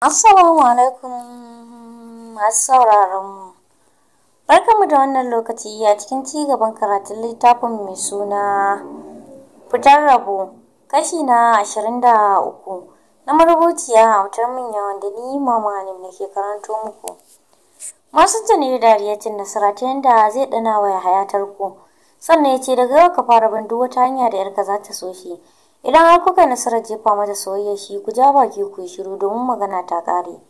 Assalamu alaikum masu sauraronmu. Barkanmu da wannan lokaci a cikin ci gaban karatun littafin mai suna fitar rabo kashi na ashirin da uku na marubuciya a wutar manya wanda ni mama ne da ke karanto muku. Masu tuni da dariyacin nasara ta yadda zai dana wa ya hayatar ku sannan ya ce daga yau ka fara bin wata hanya da yarka za ta so shi. idan har kuka nasarar jefa mata soyayya shi ku ja baki ku shiru domin magana ta kare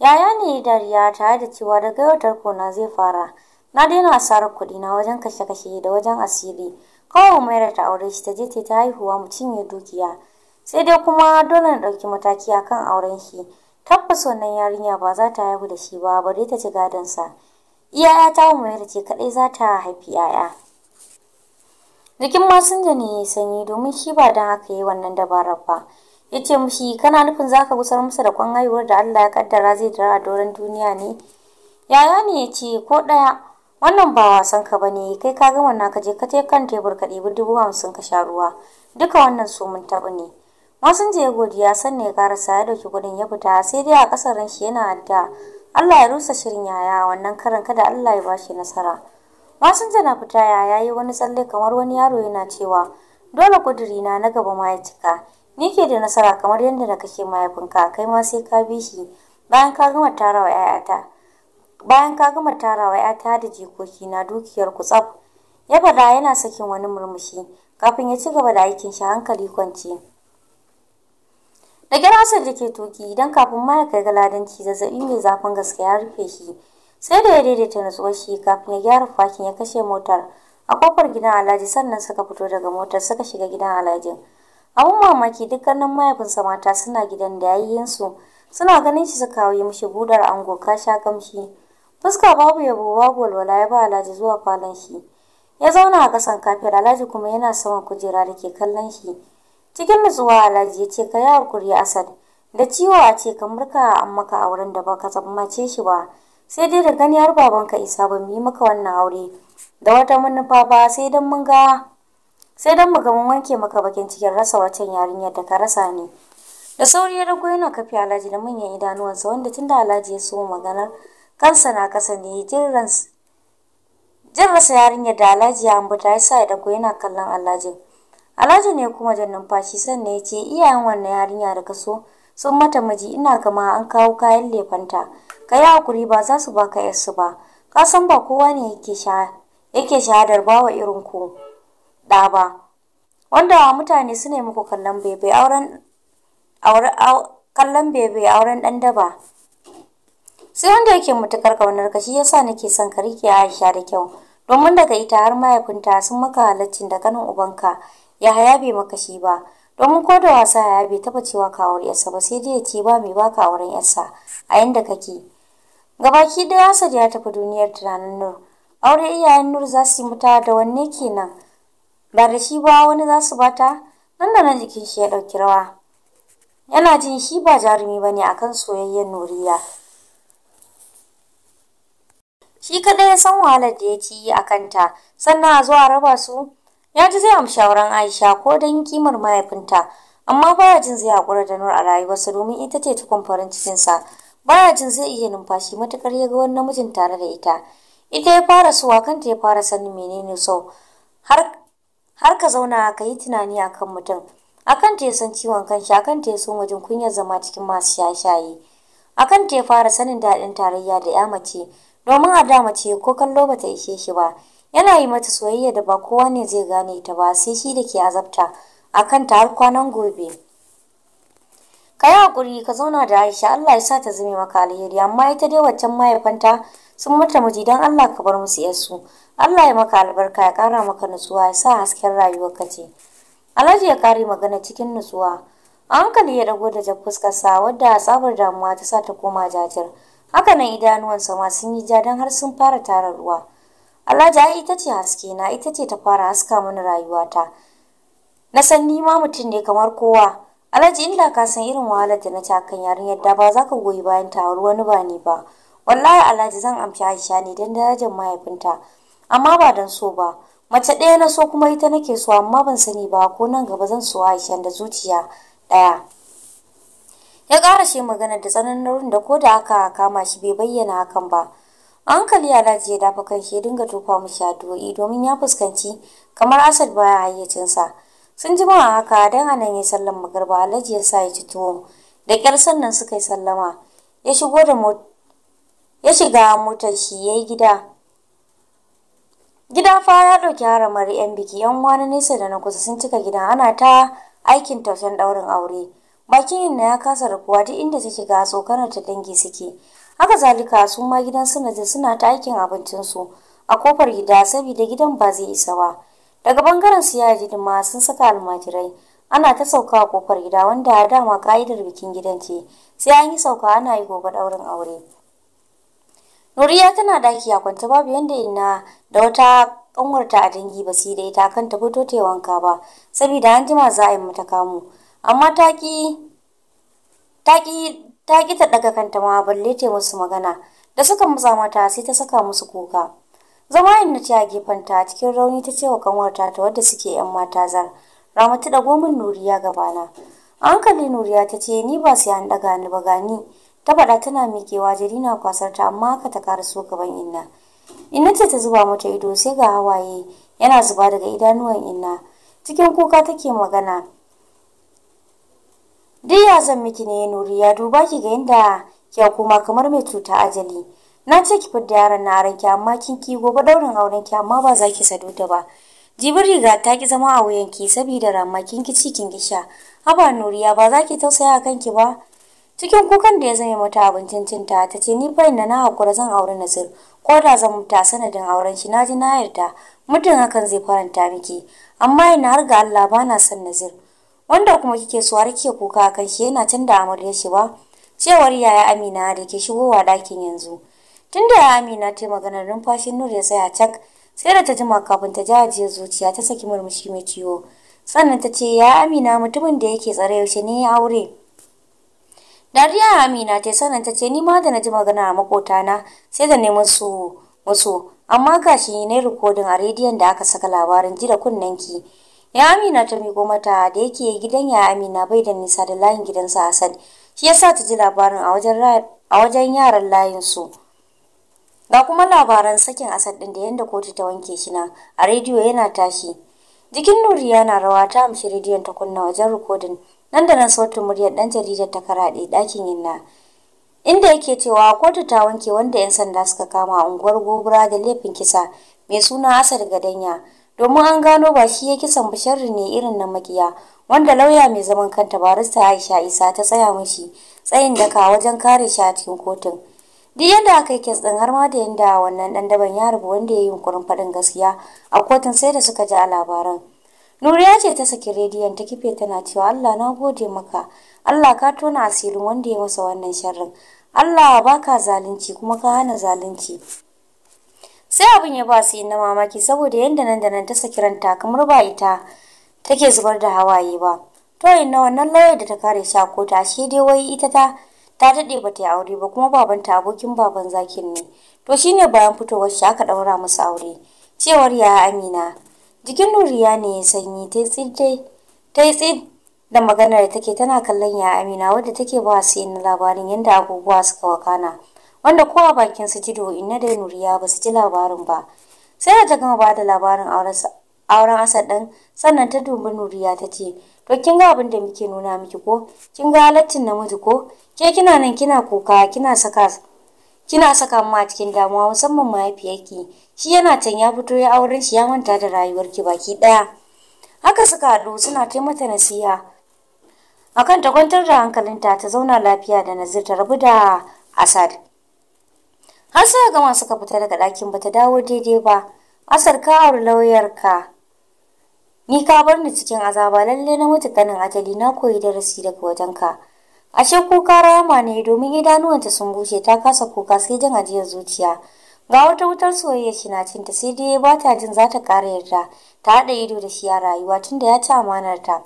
yaya ne dariya tare da cewa daga yau na zai fara na daina asarar kuɗi na wajen kashe-kashe da wajen asiri kawai mayar ta aure shi ta je ta haihuwa mu cinye dukiya sai dai kuma dole na ɗauki mataki akan auren shi tabbas wannan yarinya ba za ta haihu da shi ba bare ta ci gadon sa. Iyaya ta umayar ce kaɗai za ta haifi 'ya'ya Jikin masinja ne ya sanyi domin shi ba don haka yi wannan dabarar ba. Ya ce mushi kana nufin za ka gusar masa da kwan haihuwar da Allah ya kaddara zai dara a doron duniya ne? Yaya ne ya ce ko ɗaya wannan ba wasan ka ba ne kai ka gama na ka je ka je kan tebur ka ɗibi dubu hamsin ka sha ruwa duka wannan su mun taɓa ne. Masinja ya godiya ne ya karasa ya ɗauki kuɗin ya fita sai dai a ƙasar shi yana adda Allah ya rusa shirin yaya wannan karan kada Allah ya bashi nasara. Masinja na fita ya yayi wani tsalle kamar wani yaro yana cewa dole kuduri na na gaba ma ya cika. Ni ke da nasara kamar yadda na kashe mahaifinka kai ma sai ka bi shi bayan ka gama tarawa 'ya'yata. Bayan ka gama tarawa 'ya'ta da jikoki na dukiyar ku tsaf. Ya faɗa yana sakin wani murmushi kafin ya ci gaba da aikin shi hankali kwance. Da gyara da ke toki idan kafin ma ya kai ga ladanci zazzabi mai zafin gaske ya rufe shi. sai da ya daidaita nutsuwar shi kafin ya gyara fakin ya kashe motar a kofar gidan alhaji sannan suka fito daga motar suka shiga gidan alhajin abun mamaki dukkanin mahaifinsa mata suna gidan da yayyinsu suna ganin shi suka yi mishi budar ango ka sha kamshi fuska babu yabo babu walwala ya ba alhaji zuwa falon shi ya zauna a kasan kafin alhaji kuma yana saman kujera da ke kallon shi cikin nutsuwa alhaji ya ce ka yi hakuri asad da ciwo a ce kamar ka murka an maka a wurin da ba baka tsammace shi ba sai dai da gani har babanka isa ba yi maka wannan aure da wata manufa ba sai dan mun ga sai dan mu ga mun wanke maka bakin cikin rasa wacan yarinyar da ka rasa ne da sauri ya rago yana kafi alhaji da manyan idanuwansa wanda tun da alhaji ya so maganar kansa na kasa ne jin rasa yarinyar da alhaji ya ambata ya sa ya dago yana kallon alhaji alhaji ne kuma jan numfashi sannan ya ce iyayen wannan yarinya da ka so sun mata miji ina gama an kawo kayan lefanta ka yi hakuri ba za su baka 'yasu ba ka san ba kowa ne yake shahadar bawa irin ku da ba wanda mutane su ne muku kallon bebe auren kallon bebe ɗan daba sai wanda yake mutukar ƙaunar ka shi sa nake son ka rike Aisha da kyau domin daga ita har mahaifinta sun maka halaccin da ganin ubanka ya haya bai maka shi ba domin ko wasa ya bai taba cewa kawar yarsa ba sai dai ya ce ba mai ba auren yarsa a yanda kake gabaki daya Asad ya tafi duniyar tunanin Nur aure iyayen Nur za su yi muta da wanne kenan ba da shi ba wani za su bata nan da nan jikin shi ya ɗauki rawa yana jin shi ba jarumi ba ne akan soyayyen Nuriya shi kaɗai ya san wahalar da ya ci a kanta sannan a zuwa raba su Ya ji zai amshi auren Aisha ko dan kimar mahaifinta, amma baya jin zai haƙura da Nur a rayuwarsa domin ita ce tukun farin cikinsa. Baya jin zai iya numfashi matuƙar ya ga wani namijin tare da ita. Ita ya fara suwa kanta ya fara sanin menene so. Har har ka zauna ka yi tunani akan mutum. Akan ta ya san ciwon kanshi, akan ta ya so wajen kunyar zama cikin masu shaye-shaye. Akan ta ya fara sanin daɗin tarayya da ya mace, domin a da mace ko kallo bata ishe shi ba. yana yi mata soyayya da ba kowa ne zai gane ta ba sai shi da ke azabta a kan ta har kwanan gobe ka yi haƙuri ka zauna da aisha allah ya sa ta zame maka alheri amma ita dai waccan mahaifanta sun mata miji don allah ka bar musu yarsu allah ya maka albarka ya ƙara maka nutsuwa ya sa hasken rayuwa ka ce alhaji ya ƙare magana cikin nutsuwa a hankali ya dago da jan fuskarsa wadda a tsabar damuwa ta sa ta koma jajir hakanan idanuwansa ma sun yi ja don har sun fara tara ruwa Alhaji ai ita ce haske na ita ce ta fara haska mana rayuwata. Na san ni ma mutum ne kamar kowa. Alhaji inda ka san irin wahalar da na ci kan yarinyar da ba za ka goyi bayan ta auri wani ba ni ba. Wallahi Alhaji zan amfi Aisha ne dan darajar mahaifinta. Amma ba dan so ba. Mace ɗaya na so kuma ita nake so amma ban sani ba ko nan gaba zan so Aisha da zuciya ɗaya. Ya ƙara magana da tsananin da ko da aka kama shi bai bayyana hakan ba. hankali alhaji ya dafa kan shi dinga tofa mishi addu'o'i domin ya fuskanci kamar asad baya hayyacinsa sun ji a haka don anan ya sallan magarba alhaji ya sa ya ci tuwo da kyar sannan suka yi sallama ya shigo da ya shiga motar shi ya yi gida gida fa ya ɗauki haramar yan biki yan wani nesa da na kusa sun cika gida ana ta aikin tausan ɗaurin aure bakin na ya kasa rukuwa duk inda ta ga tsokanar ta dangi suke haka zalika su ma gidan sanaje suna ta aikin abincinsu a kofar gida saboda gidan ba zai isa ba daga bangaren su ya ji ma sun saka almajirai ana ta sauka a kofar gida wanda dama ka'idar bikin gidan ce sai an yi sauka ana yi gobe daurin aure nuriya tana daki a kwanta babu yanda ina da wata ƙanwarta a dangi ba sai da ita kan ta fito ta wanka ba saboda an jima za a yi mata kamu amma ta ki ta ki ta ɗaga kanta ma balle ta musu magana da suka matsa mata sai ta saka musu kuka zama na ta gefanta, cikin rauni ta ce wa kanwarta ta wadda suke yan mata zar ramatu da gomin nuriya gabana a hankali nuriya ta ce ni ba sai an daga ni ba gani ta faɗa tana miƙewa jirina kwasar ta amma haka ta su gaban inna inna ce ta zuba mata ido sai ga hawaye yana zuba daga idanuwan inna cikin kuka take magana duk ya zan miki ne nuri ya duba ki ga inda kya kuma kamar mai cuta ajali na ce ki fidda yaron na aron ki amma kin ki gobe daurin auren ki amma ba za ki ta ba jibin riga ta ki zama a wuyan ki saboda ramma kin ki ci kin gisha haba nuriya ba za ki tausaya kanki ba cikin kukan da ya zame mata abincin cinta ta ce ni fahimta da na hakura zan aure Nasir ko da zan muta sanadin auren shi naji na yarda mutum hakan zai faranta miki amma ina har ga Allah ba na son Nasir wanda kuma kike so har kike kuka kan shi yana tunda amarya shi ba cewar yaya Amina da ke shigowa dakin yanzu tunda yaya Amina ta magana numfashin Nur ya tsaya cak sai da ta jima kafin ta jaje zuciya ta saki murmushi mai ciwo sannan ta ce ya Amina mutumin da yake tsare yaushe ne ya aure Dariya Amina ta sanan ta ce ni ma da naji magana a makotana sai da nemi su wasu amma gashi ne rikodin a rediyon da aka saka labarin ji da kunnen ki ya amina ta miko mata da yake gidan ya amina bai da nisa da layin gidansa asad shi ya sa ta ji labarin a wajen yaran layin su ga kuma labaran sakin asad din da yadda kotu ta wanke shi na a rediyo yana tashi jikin nuriya na rawa ta amshi rediyon ta kunna wajen rikodin nan da nan sautin muryar dan jaridar ta karaɗe ɗakin yinna inda yake cewa kotu ta wanke wanda 'yan sanda suka kama a unguwar gobura da laifin kisa mai suna asad gadanya domin an gano ba shi ya kisan ba sharrin ne irin na makiya wanda lauya mai zaman kanta barista Aisha Isa ta tsaya mishi tsayin daka wajen kare shi a cikin kotun. Duk yadda aka yi kes ɗin har ma da yadda wannan dan daban ya rubu wanda ya yi yunkurin faɗin gaskiya a kotun sai da suka ji a labaran. ya ce ta saki rediyon ta kife tana cewa Allah na gode maka, Allah ka tona asirin wanda ya masa wannan sharrin, Allah baka zalunci kuma ka hana zalunci. sai abin ya ba su yin na mamaki saboda yadda nan da nan ta saki ranta kamar ba ita take zubar da hawaye ba to na wannan lauya da ta kare shi a kota shi dai wai ita ta ta daɗe ba ta yi aure ba kuma babanta abokin baban zakin ne to shine bayan fitowar shi aka daura masu aure cewar ya amina jikin nuriya ne ya sanyi ta yi tsid da maganar da take tana kallon ya amina wadda take ba su yin labarin yadda abubuwa suka wakana. wanda kowa bakin su jido inna da nuriya ba su ji labarin ba sai da ta gama ba da labarin auren asad ɗin sannan ta dubi nuriya ta ce to kin ga abin da muke nuna miki ko kin ga na miji ko ke kina nan kina kuka kina saka kina saka mu a cikin damuwa musamman mahaifiyarki shi yana can ya fito ya auren shi ya manta da rayuwar ki baki ɗaya haka suka haɗu suna kai mata nasiha akan ta kwantar da hankalinta ta zauna lafiya da nazir ta rabu da asad har sai gama suka fita daga ɗakin bata dawo daidai ba asar ka auri lauyar ka ni ka bar ni cikin azaba lalle na mutu kanin ajali na koyi darasi daga wajen ka ashe kuka rama ne domin idanuwanta sun bushe ta kasa kuka sai jin ajiyar zuciya ga wata wutar soyayya shi na cinta sai dai ba ta jin za ta ƙara yarda ta haɗa ido da shi a rayuwa tunda ya ci amanar ta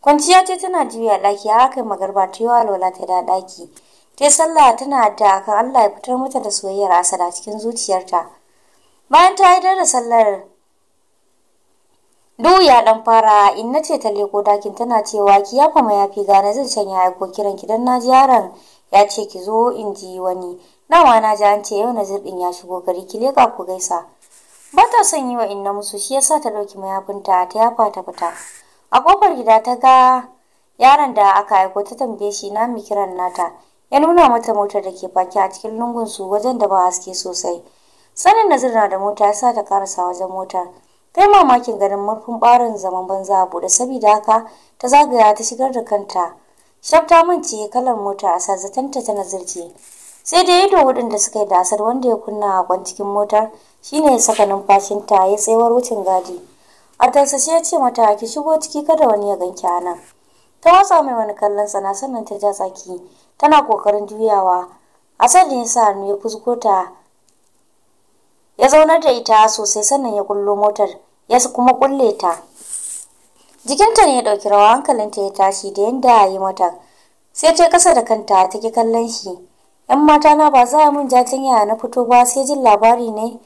kwanciya ce tana juya ɗaki har aka magarba ta yi alwala ta da ɗaki ta sallah tana da kan Allah ya fitar mata da soyayyar asala cikin zuciyarta bayan ta yi da sallar duhu ya dan fara inna ce ta leko dakin tana cewa ki ya fama ya fi gane zan canya aiko kiran ki dan naji yaron ya ce ki zo in ji wani ma na ji an ce yau na din ya shigo gari ki leka ku gaisa ba ta son yi wa inna musu shi yasa ta ɗauki mayafinta ta yafa ta fita a kofar gida ta ga yaron da aka aiko ta tambaye shi na mi kiran nata ya nuna mata motar da ke faki a cikin lungun su wajen da ba haske sosai sanin nazir na da mota ya sa ta karasa wajen motar kai mamakin ganin murfin barin zaman banza a bude saboda haka ta zagaya ta shigar da kanta shaf ta mance kalar mota a sazatanta ta ce sai da ido hudun da suka yi da asar wanda ya kunna a kwan cikin motar shine ya saka ta ya tsayawar wucin gadi a tausashe ya ce mata ki shigo ciki kada wani ya ganki a nan ta watsa mai wani kallon sana sannan ta ja tsaki tana kokarin juyawa asad ne sa hannu ya fusgo ya zaunar da ita sosai sannan ya kullo motar ya kuma kulle ta jikinta ne ya dauki rawa hankalinta ya tashi da yanda ya yi mata sai ta kasa da kanta ta ki kallon shi yan mata na ba za a mun jatin yaya na fito ba sai jin labari ne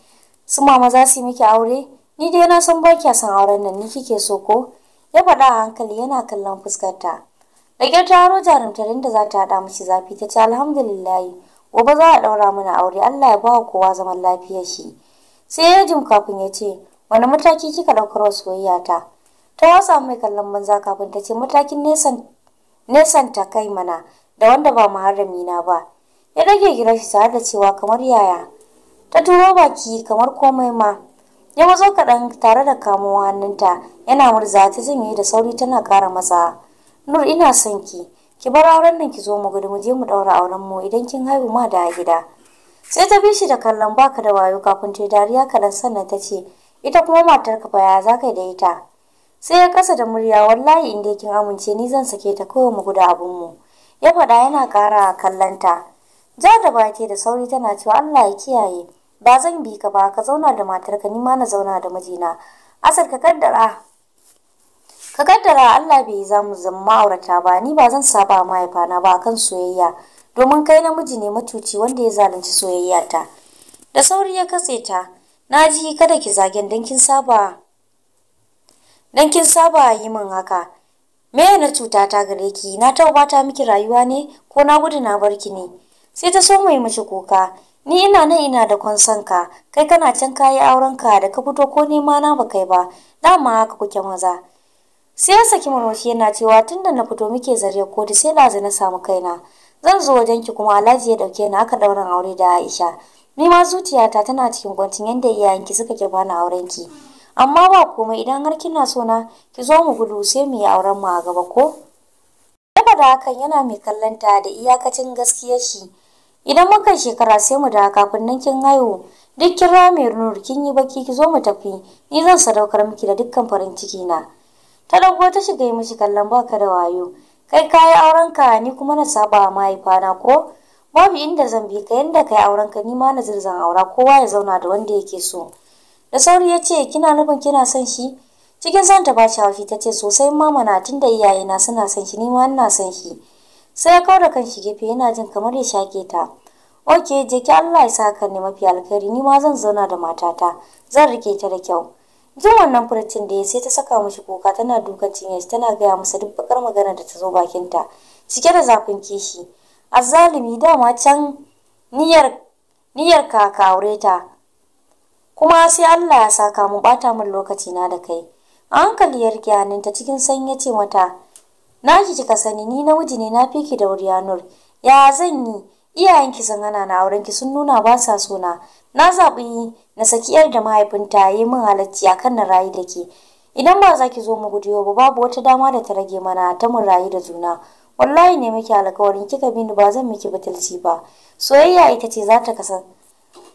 su mama za su yi miki aure ni dai na san ba kya san auren nan ni kike so ko ya faɗa a hankali yana kallon fuskarta Rage taro jarumtarin da za ta haɗa mishi zafi ta ce alhamdulillahi gobe za a ɗaura mana aure Allah ya ba kowa zaman lafiyar shi. Sai ya jim kafin ya ce wani mataki kika ɗaukar wa soyayya ta. Ta wasa mai kallon banza kafin ta ce matakin nesan ta kai mana da wanda ba muharrami na ba. Ya rage gidan shi tare da cewa kamar yaya. Ta turo baki kamar komai ma. Ya matso kaɗan tare da kamo hannunta yana murza ta janye da sauri tana ƙara matsa. Nur ina son ki. Ki bar auren nan ki zo mu gudu mu je mu daura auren mu idan kin haihu ma da gida. Sai ta bi shi da kallon baka da wayo kafin ta dariya kaɗan sannan ta ce ita kuma matar ka baya za ka da ita. Sai ya kasa da murya wallahi in dai kin amince ni zan sake ta kowa mu gudu abun mu. Ya faɗa yana ƙara kallonta. Ja da bate da sauri tana cewa Allah ya kiyaye. Ba zan bi ka ba ka zauna da matarka ni ma na zauna da mijina. Asar ka kaddara ka kaddara Allah bai za mu zama ma'aurata ba ni ba zan saba mahaifana ba kan soyayya domin kai namiji ne matuci wanda ya zalunci soyayya ta da sauri ya katse ta na ji kada ki zagen don kin saba dan kin saba yi min haka me na cuta ta gare ki na taubata miki rayuwa ne ko na gudu na barki ne sai ta so mai mace kuka ni ina nan ina da kwanson ka kai kana can kayi auren ka da ka fito ko nema na ba kai ba dama haka kuke maza sai ya saki yana cewa da na fito muke zare da sai lazi na samu kaina zan zo wajen ki kuma alhaji ya dauke ni aka daura aure da aisha ni ma zuciyata tana cikin kwancin yadda ki suka ki ni auren ki amma ba komai idan har kina so na ki zo mu gudu sai mu yi auren mu a gaba ko Yaba da hakan yana mai kallanta da iyakacin gaskiya shi idan muka shekara sai mu da kafin nan kin haihu duk kira mai nur kin yi baki ki zo mu tafi ni zan sadaukar miki da dukkan farin ciki na ta dago ta shiga yi mashi kallon baka da wayo kai kayi auren ka ni kuma na saba a mahaifana ko babu inda zan bi ka yanda ka auren ka ni ma na zirzan aura kowa ya zauna da wanda yake so da sauri ya ce kina nufin kina son shi cikin son ta shi hafi ta ce sosai mama na tunda iyayena suna son shi ni ma ina son shi sai ya kawo da kan shi gefe yana jin kamar ya shake ta ok je Allah ya sa ka ne mafi alkhairi ni ma zan zauna da matata zan rike ta da kyau jin wannan furucin da ya sai ta saka mashi kuka tana dukan shi tana gaya masa duk bakar magana da ta zo bakinta cike da zafin kishi azzalimi dama can niyyar niyyar ka ka aure ta kuma sai Allah ya saka mu bata min lokaci na da kai a hankali yar ta cikin san ya ce mata na ki kika sani ni na namiji ne na fiki da wuri nur ya zan yi iyayenki sun hana na aurenki sun nuna ba sa sona na na zaɓi na saki yar da mahaifinta ya yi min halacci a kan na rayu da ke idan ba za ki zo mu gudu ba babu wata dama da ta rage mana ta mun rayu da juna wallahi ne muke alƙawarin kika bi ni ba zan miki batulci ba soyayya ita ce za ta kasan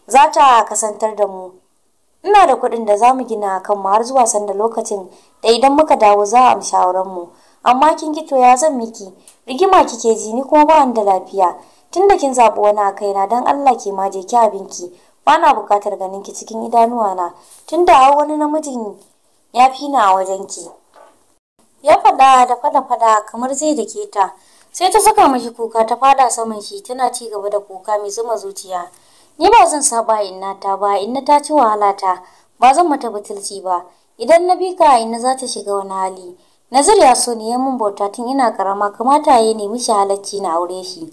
za ta kasantar da mu ina da kuɗin da za mu gina kan mu har zuwa sanda lokacin da idan muka dawo za a shawaran mu amma kin ki to ya zan miki rigima kike ji ni kuma ba da lafiya tunda kin zaɓi wani a kaina don Allah ke maje ki abinki bana bukatar ganin ki cikin idanuwa na tunda har wani namijin ya fi ni a wajen ki ya fada da fada fada kamar zai dake ta sai ta saka mashi kuka ta fada saman shi tana ci gaba da kuka mai zuma zuciya ni ba zan saba inna ta ba inna ta ci wahala ta ba zan mata batulci ba idan na bi ka inna za ta shiga wani hali nazar ya so ne ya mun bauta tun ina karama kamata ya nemi shi halacci na aure shi.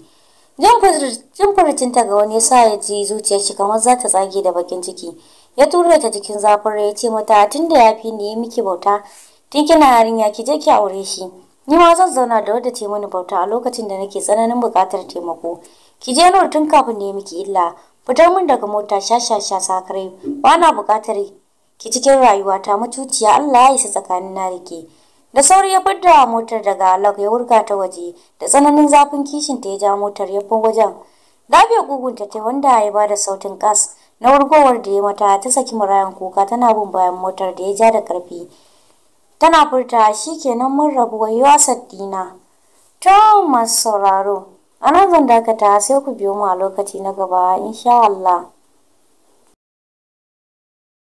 Jin furcinta ga wani sa ya ji zuciyar shi kamar za ta tsage da bakin ciki. Ya tura ta cikin zafin ya ce mata tun da ya fi ni ya miki bauta tun kina yarinya ki je ki aure shi. Ni ma zan zauna da wadda ta mani bauta a lokacin da nake tsananin buƙatar taimako. Ki je nur tun kafin yi miki illa. Fitar min daga mota sha sha sha sakarai. Ba na buƙatar ki cikin rayuwa, rayuwata mutuciya Allah ya isa tsakanin na da ke. da sauri ya fidda motar daga alaƙa ya wurga ta waje da tsananin zafin kishin ta ya ja motar ya fi wajen dabe gugunta ta wanda ya ba da sautin kas na wurgowar da ya mata ta saki murayan kuka tana bin bayan motar da ya ja da karfi tana furta shi kenan mun rabu wa yiwa saddina masu sauraro a nan zan dakata sai ku biyo mu a lokaci na gaba insha Allah